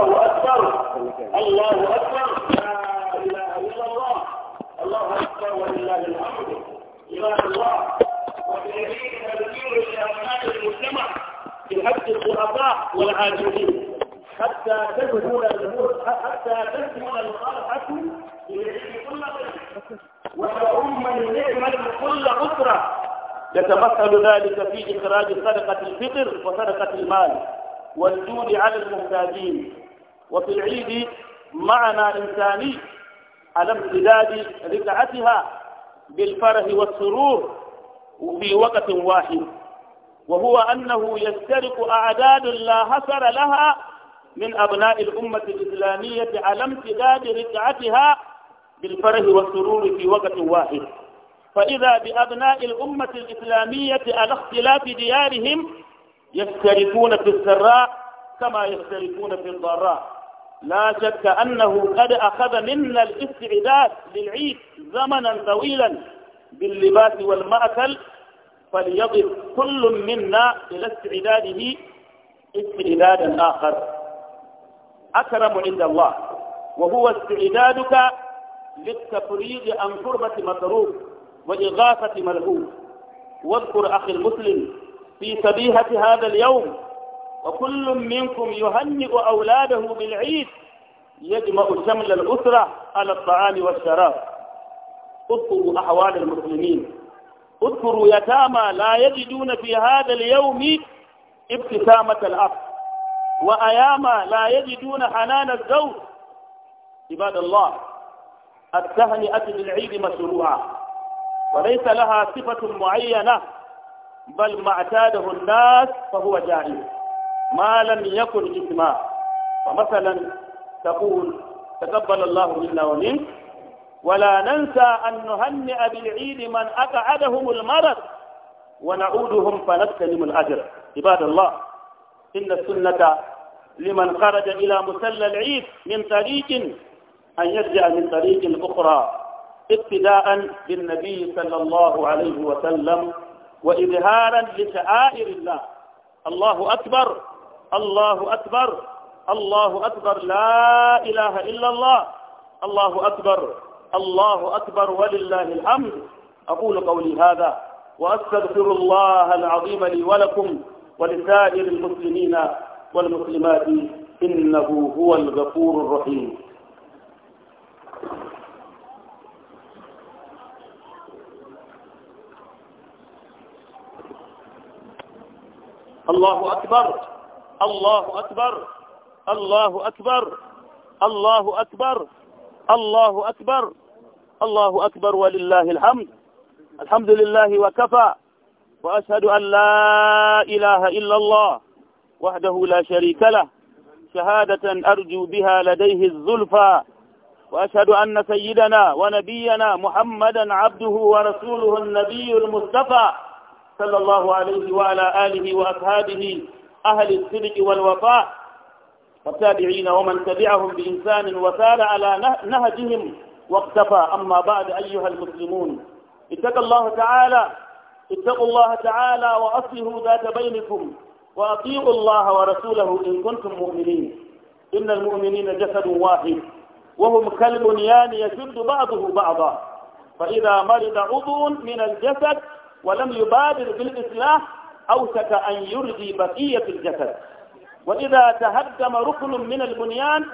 الله أكبر الله أكبر لا إله إلا الله الله أكبر ولله الحمد عباد الله وبيديك تدبير لأمهات المجتمع في حد الضعفاء والعاجزين حتى تكمل حتى تكمل الخلقة ليعيش كل ضيف وتؤم النعمة كل أسرة يتمثل ذلك في إخراج صدقة الفطر وصدقة المال والجود على المحتاجين وفي العيد معنى إنساني على امتداد ركعتها بالفرح والسرور في وقت واحد وهو أنه يشترك أعداد لا حصر لها من أبناء الأمة الإسلامية على امتداد ركعتها بالفرح والسرور في وقت واحد فإذا بأبناء الأمة الإسلامية على اختلاف ديارهم يشتركون في السراء كما يشتركون في الضراء لا شك أنه قد أخذ منا الاستعداد للعيد زمنا طويلا باللباس والمأكل فليضف كل منا إلى استعداده استعدادا آخر أكرم عند الله وهو استعدادك للتفريغ عن قربة مكروه وإغاثة ملهوف واذكر أخي المسلم في سبيهة هذا اليوم وكل منكم يهنئ أولاده بالعيد يجمع شمل الأسرة على الطعام والشراب اذكروا أحوال المسلمين اذكروا يتامى لا يجدون في هذا اليوم ابتسامة الأب وأياما لا يجدون حنان الزوج عباد الله التهنئة بالعيد مشروعة وليس لها صفة معينة بل ما اعتاده الناس فهو جائز ما لم يكن اسما فمثلا تقول تقبل الله منا ومنك ولا ننسى أن نهنئ بالعيد من أقعدهم المرض ونعودهم فنغتنم الأجر عباد الله إن السنة لمن خرج إلى مسلى العيد من طريق أن يرجع من طريق أخرى ابتداء بالنبي صلى الله عليه وسلم وإظهارا لشعائر الله الله أكبر الله أكبر الله أكبر لا إله إلا الله الله أكبر الله أكبر ولله الحمد أقول قولي هذا وأستغفر الله العظيم لي ولكم ولسائر المسلمين والمسلمات إنه هو الغفور الرحيم الله أكبر الله أكبر الله أكبر الله أكبر الله أكبر الله أكبر ولله الحمد الحمد لله وكفى وأشهد أن لا إله إلا الله وحده لا شريك له شهادة أرجو بها لديه الزلفى وأشهد أن سيدنا ونبينا محمدا عبده ورسوله النبي المصطفى صلى الله عليه وعلى آله وأصحابه أهل الصدق والوفاء والتابعين ومن تبعهم بإنسان وسار على نهجهم واقتفى أما بعد أيها المسلمون اتقوا الله تعالى اتقوا الله تعالى وأصلحوا ذات بينكم وأطيعوا الله ورسوله إن كنتم مؤمنين إن المؤمنين جسد واحد وهم كالبنيان يشد بعضه بعضا فإذا مرض عضو من الجسد ولم يبادر بالإصلاح أوشك أن يرضي بقية الجسد وإذا تهدم ركن من البنيان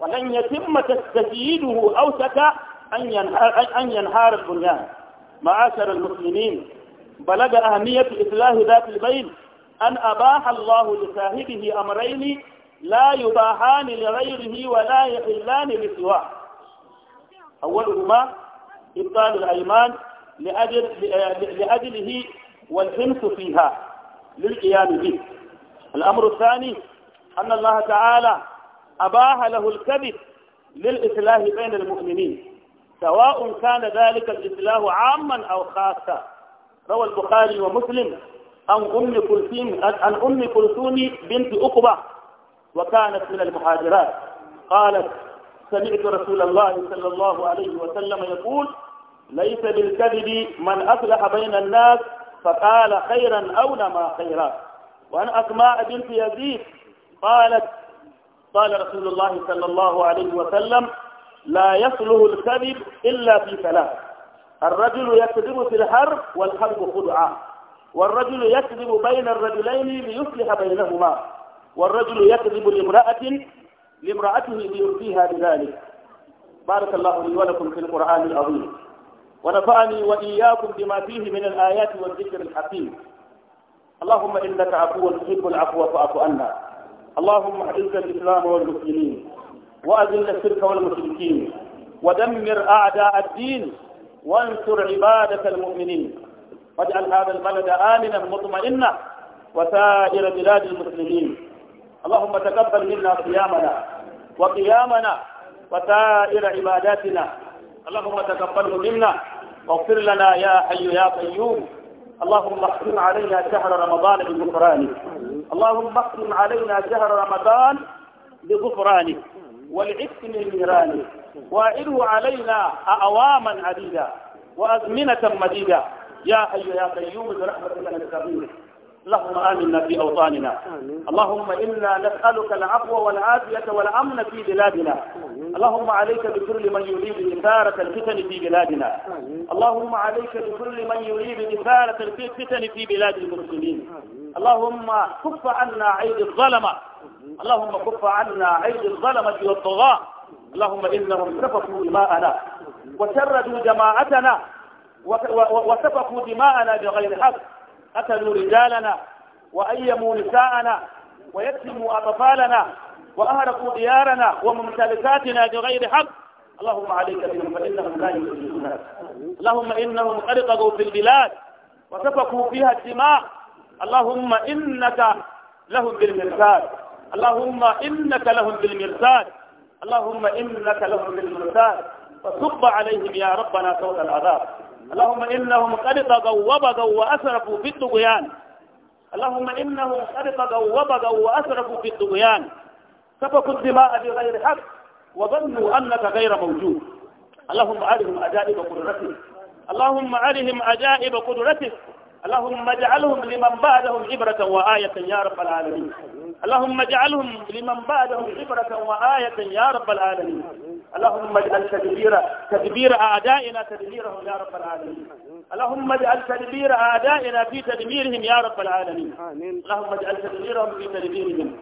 ولن يتم تستجيده أوشك أن ينهار, أن ينهار البنيان معاشر المسلمين بلغ أهمية إصلاح ذات البين أن أباح الله لصاحبه أمرين لا يباحان لغيره ولا يحلان لسواه أولهما إبطال الأيمان لأجل لأجله والحنس فيها للقيام به الأمر الثاني أن الله تعالى أباح له الكذب للإسلاه بين المؤمنين سواء كان ذلك الإسلاه عاما أو خاصا روى البخاري ومسلم عن أم كلثوم عن أم كلثوم بنت أقبة وكانت من المهاجرات قالت سمعت رسول الله صلى الله عليه وسلم يقول ليس بالكذب من أصلح بين الناس فقال خيرا أو نما خيرا وعن أسماء بنت يزيد قالت قال رسول الله صلى الله عليه وسلم لا يصله الكذب إلا في ثلاث الرجل يكذب في الحرب والحرب خدعة والرجل يكذب بين الرجلين ليصلح بينهما والرجل يكذب لامرأة لامرأته ليرضيها بذلك بارك الله لي ولكم في القرآن العظيم ونفعني وإياكم بما فيه من الآيات والذكر الحكيم اللهم إنك عفو تحب العفو فاعف عنا اللهم أعز الإسلام والمسلمين وأذل الشرك والمشركين ودمر أعداء الدين وانصر عبادك المؤمنين واجعل هذا البلد آمنا مطمئنا وسائر بلاد المسلمين اللهم تقبل منا صيامنا وقيامنا وسائر عباداتنا اللهم تقبله منا واغفر لنا يا حي يا قيوم اللهم اختم علينا شهر رمضان بغفرانك اللهم اختم علينا شهر رمضان بغفرانك والعفو من نيرانك واعره علينا أعواما عديدة وأزمنة مديدة يا حي يا قيوم برحمتك نستغيث اللهم آمنا في أوطاننا اللهم إنا نسألك العفو والعافية والأمن في بلادنا اللهم عليك بكل من يريد إثارة الفتن في بلادنا اللهم عليك بكل من يريد إثارة الفتن في بلاد المسلمين اللهم كف عنا عيد الظلمة اللهم كف عنا عيد الظلمة والطغاة اللهم إنهم سفكوا دماءنا وشردوا جماعتنا وسفكوا دماءنا بغير حق قتلوا رجالنا وأيموا نساءنا ويتموا أطفالنا وأهرقوا ديارنا وممتلكاتنا بغير حق اللهم عليك بهم فإنهم لا يؤمنون اللهم إنهم أرقوا في البلاد وسفكوا فيها الدماء اللهم إنك لهم بالمرصاد اللهم إنك لهم بالمرصاد اللهم إنك لهم بالمرصاد فصب عليهم يا ربنا صوت العذاب اللهم إنهم قد طغوا وبغوا وأسرفوا في الطغيان اللهم إنهم قد طغوا وبغوا وأسرفوا في الطغيان سفكوا الدماء بغير حق وظنوا أنك غير موجود اللهم عليهم أجائب قدرتك اللهم عليهم أجائب قدرتك اللهم اجعلهم لمن بعدهم عبرة وآية يا رب العالمين اللهم اجعلهم لمن بعدهم عبرة وآية يا رب العالمين اللهم اجعل تدبير تدبير أعدائنا تدبيرهم يا رب العالمين اللهم اجعل تدبير أعدائنا في تدميرهم يا رب العالمين اللهم اجعل تدبيرهم في تدميرهم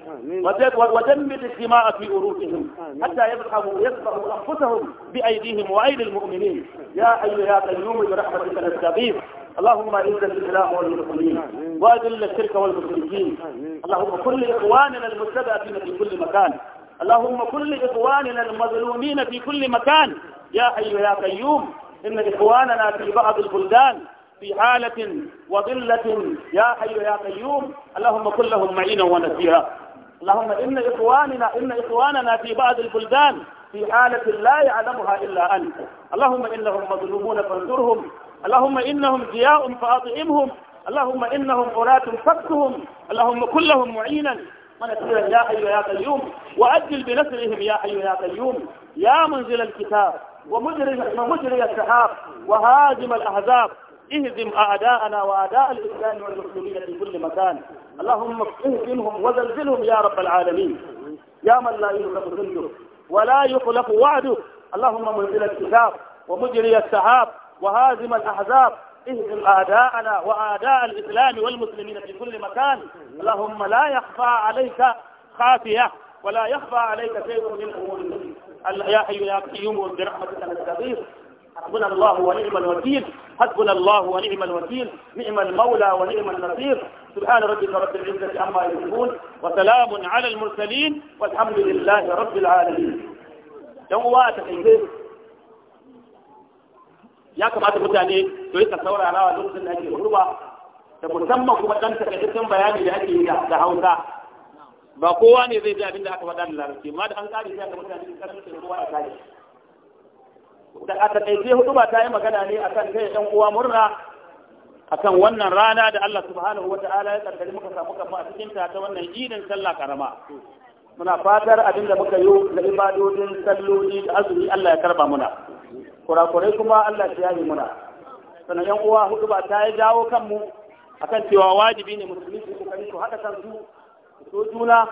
ودمر الدماء في أروفهم حتى يفقهوا يفقهوا أنفسهم بأيديهم وأيدي المؤمنين يا أيها يا قيوم برحمتك نستغيث اللهم إنزل الاسلام والمسلمين وأذل الشرك والمشركين اللهم كل إخواننا المستضعفين في كل مكان اللهم كل إخواننا المظلومين في كل مكان يا حي يا قيوم إن إخواننا في بعض البلدان في حالة وضلة يا حي يا قيوم اللهم كن لهم معينا ونسيرا اللهم إن إخواننا إن إخواننا في بعض البلدان في حالة لا يعلمها إلا أنت اللهم إنهم مظلومون فانصرهم اللهم إنهم جياء فأطعمهم اللهم إنهم غلاة فكهم اللهم كلهم معينا ونسيرا يا حي يا قيوم وأجل بنسرهم يا حي يا قيوم يا منزل الكتاب ومجري السحاب وهاجم الأحزاب اهزم أعداءنا وأعداء الإسلام والمسلمين في كل مكان اللهم اهزمهم وزلزلهم يا رب العالمين يا من لا يخلف ظله ولا يخلف وعده اللهم منزل الكتاب ومجري السحاب وهازم الأحزاب اهزم اعداءنا واعداء الاسلام والمسلمين في كل مكان اللهم لا يخفى عليك خافيه ولا يخفى عليك شيء من امور يا حي يا قيوم برحمتك نستغيث حسبنا الله ونعم الوكيل حسبنا الله ونعم الوكيل نعم المولى ونعم النصير سبحان ربك رب العزة عما يصفون وسلام على المرسلين والحمد لله رب العالمين يوم واتقين ya kamata mutane su rika wa lokacin da ake hurba da musamman kuma dan takaitaccen bayani da ake yi da Hausa ba kowa ne zai ji abin da aka faɗa da larabci amma da an kare sai ga mutane su karanta da kowa a kare da a takaice huduba ta yi magana ne akan kai ɗan uwa murna akan wannan rana da Allah subhanahu wata'ala ya kaddari muka samu kafa a cikin ta ta wannan idin sallah karama muna fatar abin da muka yi na ibadodin salloli da azumi Allah ya karba muna kurakurai kuma Allah ya yi muna sannan yan uwa hudu ba ta ya jawo kanmu akan cewa wajibi ne musulmi su kokari su haɗa kansu su so juna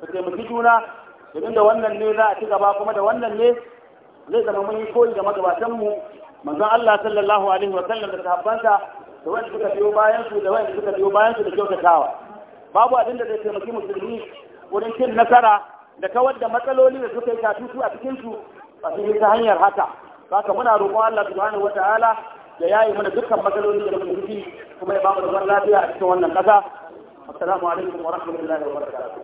su taimaki juna domin da wannan ne za a ci gaba kuma da wannan ne zai zama mun yi koyi da magabatanmu manzon Allah sallallahu alaihi wa sallam da sahabbansa da wanda suka biyo bayan su da wanda suka biyo bayan su da kyautatawa babu abin da zai taimaki musulmi wurin cin nasara da kawar da matsaloli da suka yi tatutu a cikin su a cikin ta hanyar haka haka muna roƙon Allah subhanahu wataala ya yayi mana dukkan matsaloli da muke ciki kuma ya ba mu zaman lafiya a cikin wannan ƙasa assalamu alaikum wa rahmatullahi wa barakatuh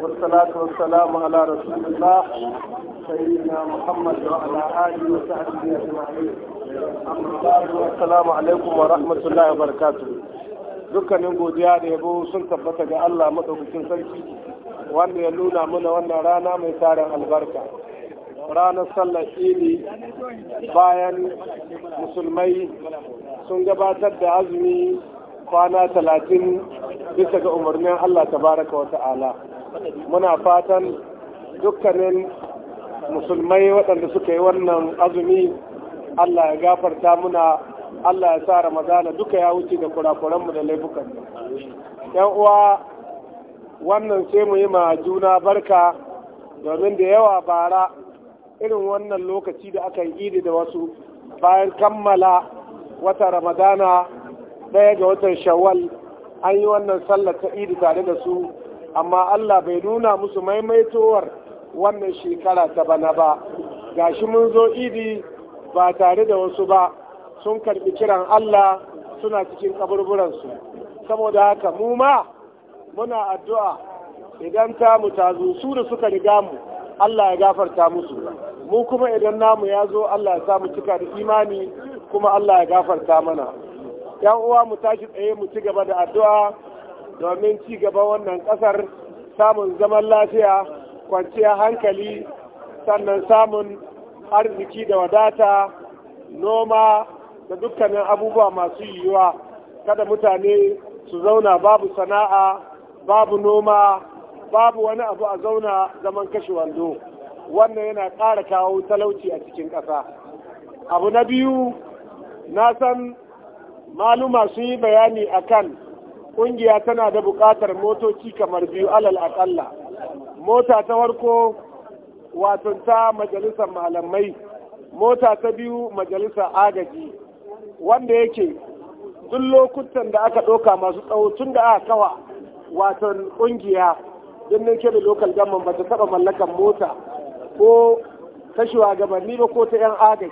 والصلاة والسلام على رسول الله سيدنا محمد وعلى آله وصحبه أجمعين السلام عليكم ورحمة الله وبركاته dukkanin godiya da yabo sun tabbata ga Allah madaukakin sarki wanda ya nuna mana wannan rana mai tarin albarka ranar sallar idi bayan musulmai sun gabatar da azumi kwana talatin bisa ga umarnin Allah tabaraka wa ta'ala muna fatan dukkanin musulmai waɗanda suka yi wannan azumi Allah ya gafarta muna Allah ya sa Ramadana duka ya wuce da kurakuranmu da laifukan yan uwa wannan sai mu yi ma juna barka domin da yawa bara irin wannan lokaci da aka yi da wasu bayan kammala wata ramadana ɗaya ga watan shawwal an yi wannan sallar ta idi tare da su amma allah bai nuna musu maimaitowar wannan shekara ta bana ba gashi mun zo idi ba tare da wasu ba sun karɓi kiran allah suna cikin kaburburansu saboda haka mu ma muna addu'a idan ta mu ta su da suka riga mu allah ya gafarta musu mu kuma idan namu ya zo allah ya samu cika da imani kuma Allah ya gafarta mana yan uwa mu tashi tsaye mu ci gaba da addu'a domin ci gaba wannan ƙasar samun zaman lafiya kwanciya hankali sannan samun arziki da wadata noma da dukkanin abubuwa masu yiwuwa kada mutane su zauna babu sana'a babu noma babu wani abu a zauna zaman kashe wando wannan yana ƙara kawo talauci a cikin ƙasa abu na biyu na san maluma sun yi bayani a kan ƙungiya tana da buƙatar motoci kamar biyu alal aƙalla mota ta farko wato ta majalisar malamai mota ta biyu majalisar agaji wanda yake duk lokutan da aka ɗauka masu tsawo tun da aka kawa watan ƙungiya birnin da lokal gamman ba ta taɓa mallakan mota ko ta shugabanni ba ko ta 'yan agaji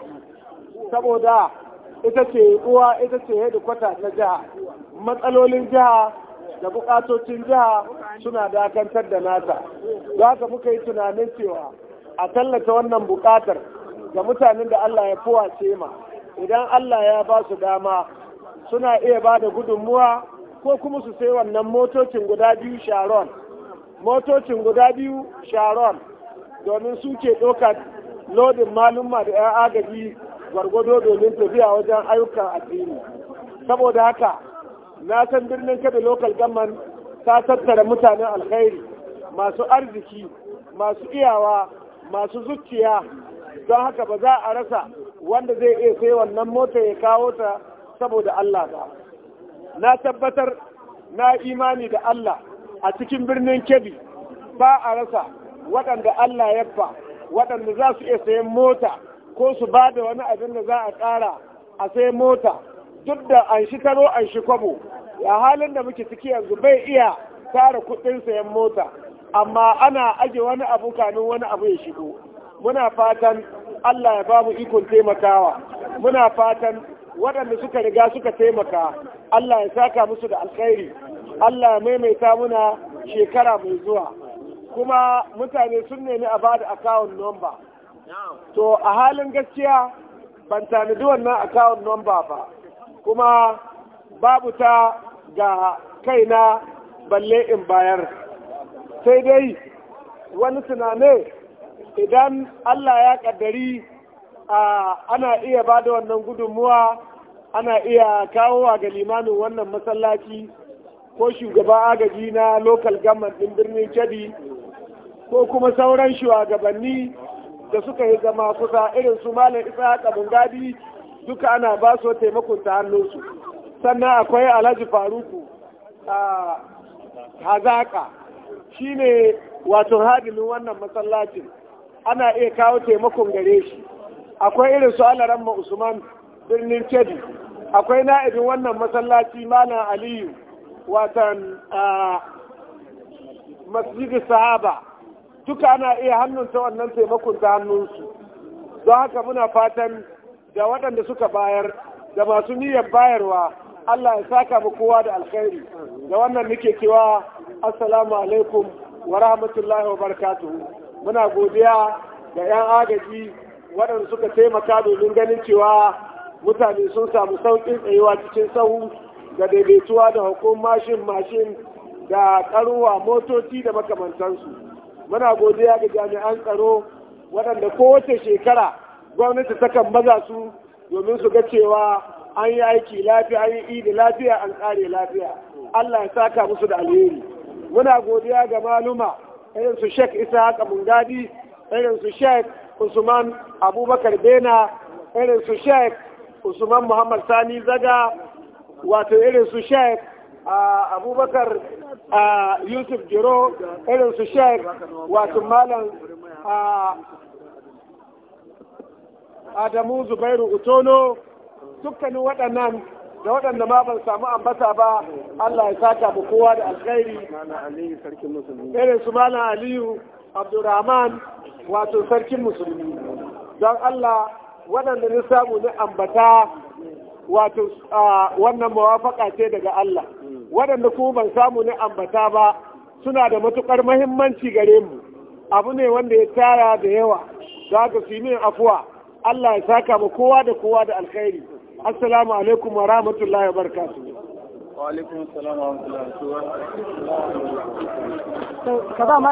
saboda ita ce uwa ita ce hedikwata ta jiha matsalolin jiha da bukatocin jiha suna dakantar da nata za ka muka yi tunanin cewa a tallata wannan bukatar ga mutanen da Allah ya ce ma idan Allah ya ba su dama suna iya ba da gudunmuwa ko kuma su sai wannan motocin guda biyu sharon motocin guda biyu sharon domin su ke ɗaukar lodin malumma da 'yan agaji gwargwado domin tafiya wajen ayyukan addini saboda haka na san birnin kebe lokal gamman ta tattara mutanen alkhairi masu arziki masu iyawa masu zuciya don haka ba za a rasa wanda zai iya sai wannan mota ya kawo ta saboda Allah ba na tabbatar na imani da Allah a cikin birnin kebi ba a rasa waɗanda Allah ya fa waɗanda za su iya sayan mota ko su ba da wani abin da za a ƙara a sai mota duk da an shi taro an shi kwabo a halin da muke ciki yanzu bai iya tara kuɗin sayan mota amma ana aje wani abu kamin wani abu ya shigo muna fatan Allah ya ba mu ikon taimakawa muna fatan waɗanda suka riga suka taimaka Allah ya saka musu da alkhairi Allah ya maimaita muna shekara mai zuwa kuma mutane sun nemi a bada akawun nomba to a halin gaskiya ban tanadi wannan akawun number ba kuma babu ta ga kaina balle in bayar sai dai wani tunane idan Allah ya a ana iya ba da wannan gudunmuwa ana iya kawowa ga limanin wannan masallaci ko shugaba agaji na local government din birnin chadi ko kuma sauran shugabanni da suka yi zama kusa irin su malam isa haka gadi duka ana ba su taimakon ta hannunsu sannan akwai alhaji faruku a hazaka shine wato hadinin wannan masallacin ana iya kawo taimakon gare shi akwai irin su alaran usman birnin cedi akwai na'ibin wannan masallaci malam aliyu watan masjidin sahaba duka ana iya hannunta wannan taimakon ta hannunsu don haka muna fatan da waɗanda suka bayar da masu niyyar bayarwa Allah ya saka mu kowa da alkhairi da wannan muke cewa assalamu alaikum wa rahmatullahi wa barakatuhu muna godiya ga 'yan agaji waɗanda suka taimaka domin ganin cewa mutane sun samu sauƙin tsayuwa cikin sahu da daidaituwa da hukumashin mashin mashin da ƙaruwa motoci da makamantansu muna godiya ga jami'an tsaro waɗanda kowace shekara gwamnati takan maza su domin su ga cewa an yi aiki lafiya an yi idi lafiya an tsare lafiya Allah ya saka musu da alheri muna godiya ga maluma irin su Sheikh Isa Mungadi irin su Sheikh Usman Abubakar Bena irin su Sheikh Usman Muhammad Sani Zaga wato irin su Sheikh ah, Abubakar yusuf jiro irin sheik wato malam adamu zubairu utono dukkanin waɗannan da waɗanda ma ban samu ambata ba Allah ya sata mu kowa da alkhairi irin malam aliyu abdurrahman wato sarkin musulmi don Allah waɗanda na samu ni ambata wato wannan mawafaka ce daga Allah waɗanda kuma ban samu ni ambata ba suna da matuƙar mahimmanci gare mu abu ne wanda ya tara da yawa za ka su min afuwa Allah ya saka mu kowa da kowa da alkhairi assalamu alaikum wa rahmatullahi wa barakatuh wa alaikum assalam wa rahmatullahi wa barakatuh